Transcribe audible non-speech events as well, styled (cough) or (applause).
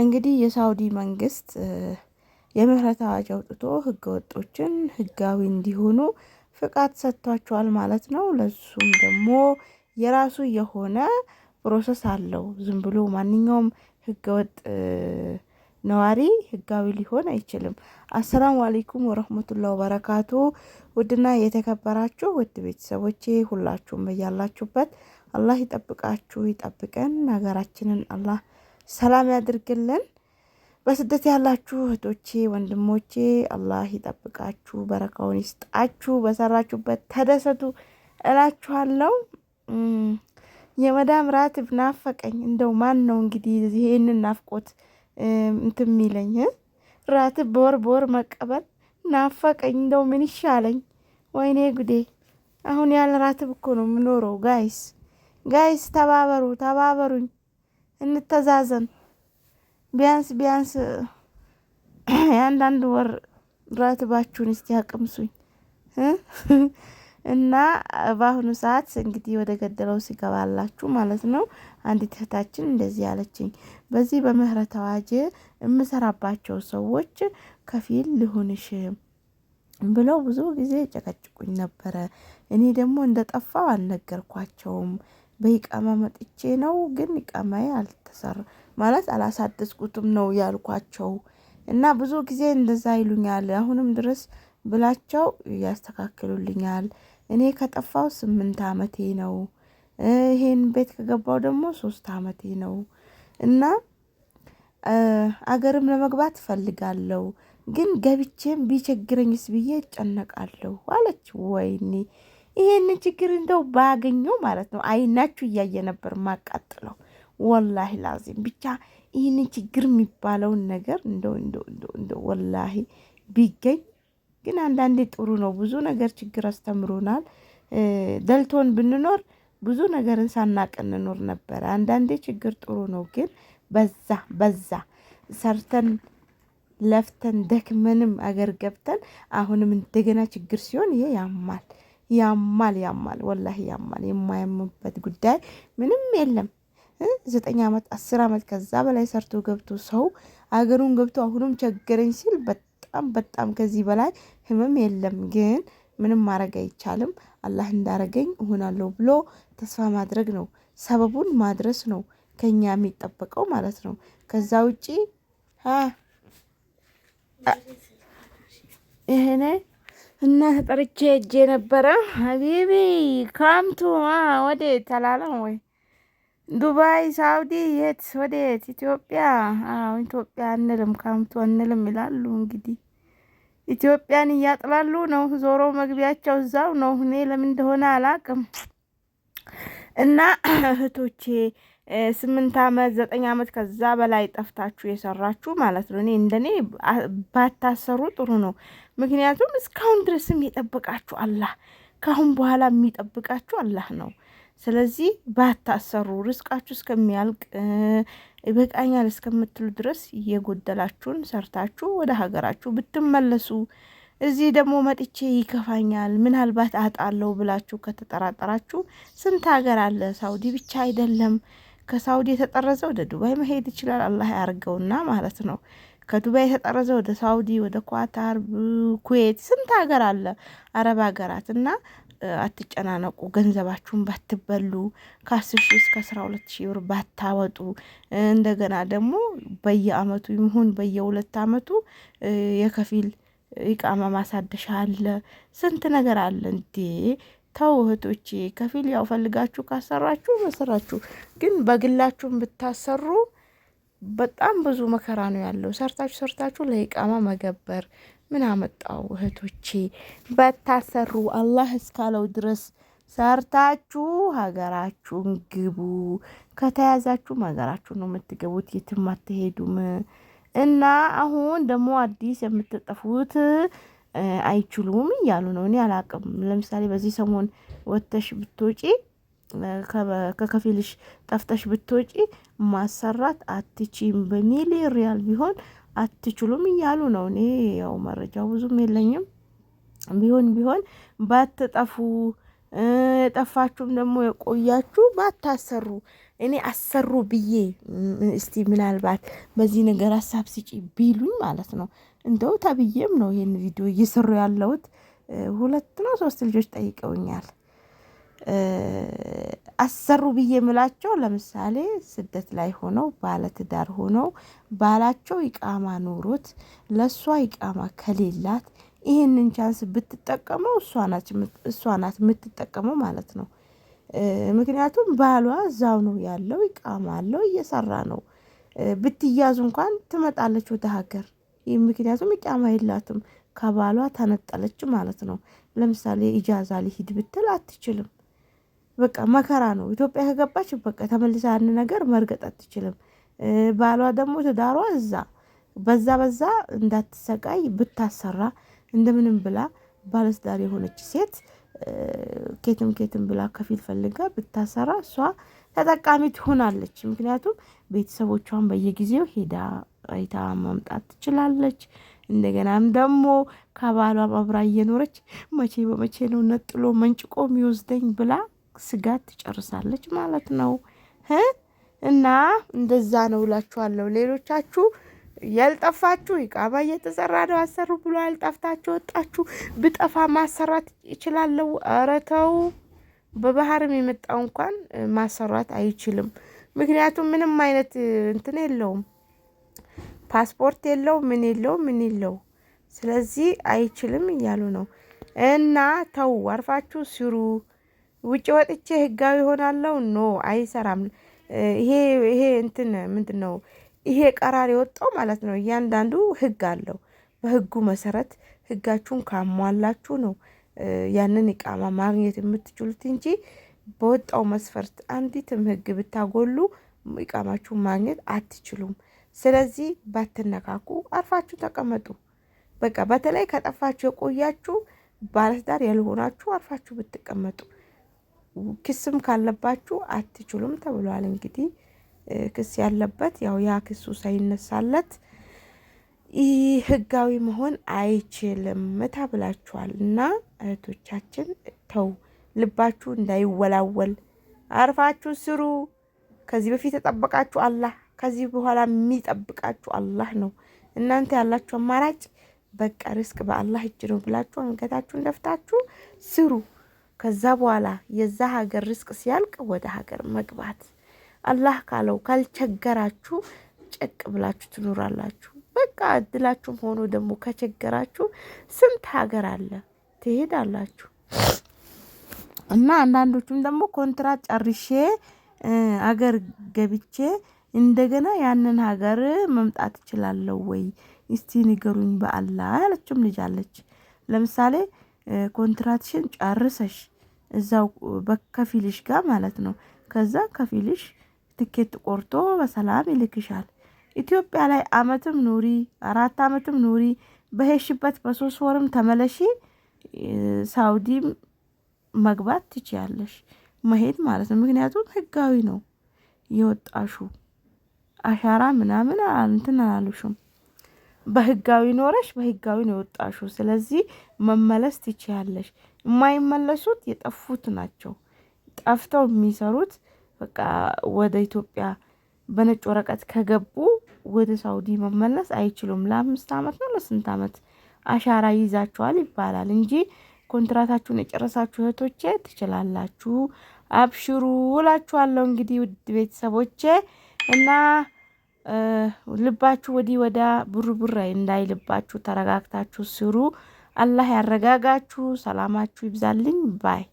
እንግዲህ የሳውዲ መንግስት የምህረት አዋጅ አውጥቶ ህገ ወጦችን ህጋዊ እንዲሆኑ ፍቃድ ሰጥቷቸዋል ማለት ነው። ለሱም ደግሞ የራሱ የሆነ ፕሮሰስ አለው። ዝም ብሎ ማንኛውም ህገወጥ ነዋሪ ህጋዊ ሊሆን አይችልም። አሰላሙ አሌይኩም ወረህመቱላ ወበረካቱ። ውድና የተከበራችሁ ውድ ቤተሰቦቼ ሁላችሁም በያላችሁበት አላህ ይጠብቃችሁ ይጠብቀን። ሀገራችንን አላህ ሰላም ያድርግልን። በስደት ያላችሁ እህቶቼ ወንድሞቼ፣ አላህ ይጠብቃችሁ፣ በረካውን ይስጣችሁ፣ በሰራችሁበት ተደሰቱ እላችኋለሁ። የመዳም ራትብ ናፈቀኝ። እንደው ማን ነው እንግዲህ ይሄንን ናፍቆት እንትን የሚለኝ ራት በወር በወር መቀበል ናፈቀኝ። እንደው ምን ይሻለኝ? ወይኔ ጉዴ! አሁን ያለ ራትብ እኮ ነው የምኖረው። ጋይስ ጋይስ፣ ተባበሩ ተባበሩኝ። እንተዛዘን። ቢያንስ ቢያንስ (clears throat) የአንዳንድ ወር ራትባችሁን እስቲ አቅምሱኝ እና በአሁኑ ሰዓት እንግዲህ ወደ ገደለው ሲገባላችሁ ማለት ነው። አንዲት እህታችን እንደዚህ ያለችኝ፣ በዚህ በምህረት አዋጅ የምሰራባቸው ሰዎች ከፊል ልሁንሽ ብለው ብዙ ጊዜ ጨቀጭቁኝ ነበረ። እኔ ደግሞ እንደ ጠፋው አልነገርኳቸውም። በኢቃማ መጥቼ ነው ግን ኢቃማዬ አልተሰራ ማለት አላሳደስኩትም ነው ያልኳቸው። እና ብዙ ጊዜ እንደዛ ይሉኛል። አሁንም ድረስ ብላቸው ያስተካክሉልኛል። እኔ ከጠፋው ስምንት አመቴ ነው። ይሄን ቤት ከገባው ደግሞ ሶስት አመቴ ነው። እና አገርም ለመግባት እፈልጋለሁ ግን ገብቼም ቢቸግረኝስ ብዬ እጨነቃለሁ አለች። ወይኔ ይሄንን ችግር እንደው ባገኘው ማለት ነው አይናችሁ እያየ ነበር ማቃጥለው። ወላሂ ላዚም ብቻ ይህንን ችግር የሚባለውን ነገር እንደው እንደው ወላሂ ቢገኝ ግን አንዳንዴ ጥሩ ነው። ብዙ ነገር ችግር አስተምሮናል። ደልቶን ብንኖር ብዙ ነገርን ሳናቅ እንኖር ነበረ። አንዳንዴ ችግር ጥሩ ነው፣ ግን በዛ በዛ ሰርተን ለፍተን ደክመንም አገር ገብተን አሁንም እንደገና ችግር ሲሆን ይሄ ያማል። ያማል ያማል፣ ወላሂ ያማል። የማያምበት ጉዳይ ምንም የለም። ዘጠኝ ዓመት አስር ዓመት ከዛ በላይ ሰርቶ ገብቶ ሰው አገሩን ገብቶ አሁኑም ቸገረኝ ሲል በጣም በጣም ከዚህ በላይ ህመም የለም። ግን ምንም ማድረግ አይቻልም። አላህ እንዳረገኝ እሆናለሁ ብሎ ተስፋ ማድረግ ነው። ሰበቡን ማድረስ ነው ከኛ የሚጠበቀው ማለት ነው። ከዛ ውጪ ይሄኔ እና ጠርቼ እጅ ነበረ። ሀቢቢ ካምቱ ወዴት አላለም ወይ? ዱባይ፣ ሳውዲ፣ የት ወዴት? ኢትዮጵያ። አዎ ኢትዮጵያ አንልም ካምቱ አንልም ይላሉ። እንግዲህ ኢትዮጵያን እያጥላሉ ነው። ዞሮ መግቢያቸው እዛው ነው። እኔ ለምን እንደሆነ አላቅም። እና (clears throat) እህቶቼ ስምንት ዓመት ዘጠኝ ዓመት ከዛ በላይ ጠፍታችሁ የሰራችሁ ማለት ነው። እኔ እንደኔ ባታሰሩ ጥሩ ነው። ምክንያቱም እስካሁን ድረስም የጠበቃችሁ አላህ፣ ካሁን በኋላ የሚጠብቃችሁ አላህ ነው። ስለዚህ ባታሰሩ ርስቃችሁ እስከሚያልቅ ይበቃኛል እስከምትሉ ድረስ እየጎደላችሁን ሰርታችሁ ወደ ሀገራችሁ ብትመለሱ፣ እዚህ ደግሞ መጥቼ ይከፋኛል ምናልባት አጣለው ብላችሁ ከተጠራጠራችሁ ስንት ሀገር አለ። ሳውዲ ብቻ አይደለም። ከሳውዲ የተጠረዘ ወደ ዱባይ መሄድ ይችላል። አላህ ያርገውና ማለት ነው። ከዱባይ የተጠረዘ ወደ ሳውዲ፣ ወደ ኳታር፣ ኩዌት ስንት ሀገር አለ አረብ ሀገራት እና አትጨናነቁ። ገንዘባችሁን ባትበሉ ከአስር ሺ እስከ አስራ ሁለት ሺ ብር ባታወጡ እንደገና ደግሞ በየአመቱ ይሁን በየሁለት አመቱ የከፊል ኢቃማ ማሳደሻ አለ። ስንት ነገር አለ እንዴ! ተው እህቶቼ፣ ከፊል ያው ፈልጋችሁ ካሰራችሁ በሰራችሁ፣ ግን በግላችሁን ብታሰሩ በጣም ብዙ መከራ ነው ያለው። ሰርታችሁ ሰርታችሁ ለይቃማ መገበር ምን አመጣው እህቶቼ? በታሰሩ አላህ እስካለው ድረስ ሰርታችሁ ሀገራችሁን ግቡ። ከተያዛችሁም ሀገራችሁ ነው የምትገቡት፣ የትም አትሄዱም። እና አሁን ደግሞ አዲስ የምትጠፉት አይችሉም እያሉ ነው። እኔ አላቅም። ለምሳሌ በዚህ ሰሞን ወተሽ ብትወጪ ከከፊልሽ ጠፍተሽ ብትወጪ ማሰራት አትችም፣ በሚል ሪያል ቢሆን አትችሉም እያሉ ነው። እኔ ያው መረጃው ብዙም የለኝም። ቢሆን ቢሆን ባትጠፉ የጠፋችሁም ደግሞ የቆያችሁ ባታሰሩ፣ እኔ አሰሩ ብዬ እስቲ ምናልባት በዚህ ነገር ሀሳብ ስጪ ቢሉኝ ማለት ነው እንደው ተብዬም ነው ይህን ቪዲዮ እየሰሩ ያለሁት። ሁለት ነው ሶስት ልጆች ጠይቀውኛል። አሰሩ ብዬ የምላቸው ለምሳሌ ስደት ላይ ሆነው ባለትዳር ሆነው ባላቸው ይቃማ ኖሮት ለእሷ ይቃማ ከሌላት ይህንን ቻንስ ብትጠቀመው እሷ ናት የምትጠቀመው ማለት ነው። ምክንያቱም ባሏ እዛው ነው ያለው፣ ይቃማ አለው፣ እየሰራ ነው። ብትያዙ እንኳን ትመጣለች ወደ ሀገር ይህ ምክንያቱም ኢቃማ የላትም ከባሏ ተነጠለች ማለት ነው። ለምሳሌ ኢጃዛ ሊሂድ ብትል አትችልም። በቃ መከራ ነው። ኢትዮጵያ ከገባች በቃ ተመልሳ ያን ነገር መርገጥ አትችልም። ባሏ ደግሞ ትዳሯ እዛ በዛ በዛ እንዳትሰቃይ ብታሰራ እንደምንም ብላ ባለስዳር የሆነች ሴት ኬትም ኬትም ብላ ከፊል ፈልጋ ብታሰራ እሷ ተጠቃሚ ትሆናለች። ምክንያቱም ቤተሰቦቿን በየጊዜው ሄዳ አይታ ማምጣት ትችላለች። እንደገናም ደግሞ ከባሏ አብራ እየኖረች መቼ በመቼ ነው ነጥሎ መንጭቆ የሚወስደኝ ብላ ስጋት ትጨርሳለች ማለት ነው። እና እንደዛ ነው እላችኋለሁ። ሌሎቻችሁ ያልጠፋችሁ ኢቃማ እየተሰራ ነው አሰሩ ብሎ ያልጠፍታችሁ ወጣችሁ ብጠፋ ማሰራት ይችላለሁ። ኧረ ተው፣ በባህርም የመጣው እንኳን ማሰራት አይችልም። ምክንያቱም ምንም አይነት እንትን የለውም። ፓስፖርት የለው ምን የለው ምን የለው። ስለዚህ አይችልም እያሉ ነው። እና ተው አርፋችሁ ስሩ። ውጭ ወጥቼ ህጋዊ ሆናለሁ ኖ አይሰራም። ይሄ ይሄ እንትን ምንድን ነው ይሄ ቀራር የወጣው ማለት ነው። እያንዳንዱ ህግ አለው። በህጉ መሰረት ህጋችሁን ካሟላችሁ ነው ያንን እቃማ ማግኘት የምትችሉት እንጂ በወጣው መስፈርት አንዲትም ህግ ብታጎሉ እቃማችሁን ማግኘት አትችሉም። ስለዚህ ባትነካኩ አርፋችሁ ተቀመጡ። በቃ በተለይ ከጠፋችሁ የቆያችሁ ባለትዳር ያልሆናችሁ አርፋችሁ ብትቀመጡ፣ ክስም ካለባችሁ አትችሉም ተብሏል። እንግዲህ ክስ ያለበት ያው ያ ክሱ ሳይነሳለት ህጋዊ መሆን አይችልም ተብላችኋል። እና እህቶቻችን ተው፣ ልባችሁ እንዳይወላወል አርፋችሁ ስሩ። ከዚህ በፊት የጠበቃችሁ አላህ ከዚህ በኋላ የሚጠብቃችሁ አላህ ነው። እናንተ ያላችሁ አማራጭ በቃ ርስቅ በአላህ እጅ ነው ብላችሁ አንገታችሁን ደፍታችሁ ስሩ። ከዛ በኋላ የዛ ሀገር ርስቅ ሲያልቅ ወደ ሀገር መግባት አላህ ካለው ካልቸገራችሁ ጨቅ ብላችሁ ትኖራላችሁ። በቃ እድላችሁም ሆኖ ደግሞ ከቸገራችሁ ስንት ሀገር አለ ትሄዳላችሁ። እና አንዳንዶቹም ደግሞ ኮንትራት ጨርሼ አገር ገብቼ እንደገና ያንን ሀገር መምጣት እችላለሁ ወይ? እስቲ ንገሩኝ በአላ ያለችም ልጅ አለች። ለምሳሌ ኮንትራትሽን ጨርሰሽ እዛው በከፊልሽ ጋር ማለት ነው። ከዛ ከፊልሽ ትኬት ቆርጦ በሰላም ይልክሻል። ኢትዮጵያ ላይ አመትም ኑሪ አራት አመትም ኑሪ በሄሽበት በሶስት ወርም ተመለሺ። ሳውዲ መግባት ትችያለሽ መሄድ ማለት ነው። ምክንያቱም ህጋዊ ነው የወጣሹ አሻራ ምናምን እንትን አላሉሽም። በህጋዊ ኖረሽ በህጋዊ ነው የወጣሹ። ስለዚህ መመለስ ትችያለሽ። የማይመለሱት የጠፉት ናቸው። ጠፍተው የሚሰሩት በቃ ወደ ኢትዮጵያ በነጭ ወረቀት ከገቡ ወደ ሳውዲ መመለስ አይችሉም። ለአምስት አመት ነው ለስንት ዓመት አሻራ ይዛችኋል ይባላል እንጂ ኮንትራታችሁን የጨረሳችሁ እህቶቼ ትችላላችሁ። አብሽሩ እላችኋለሁ። እንግዲህ ውድ ቤተሰቦቼ እና ልባችሁ ወዲህ ወዳ ቡርቡር እንዳይልባችሁ ተረጋግታችሁ ስሩ። አላህ ያረጋጋችሁ። ሰላማችሁ ይብዛልኝ ባይ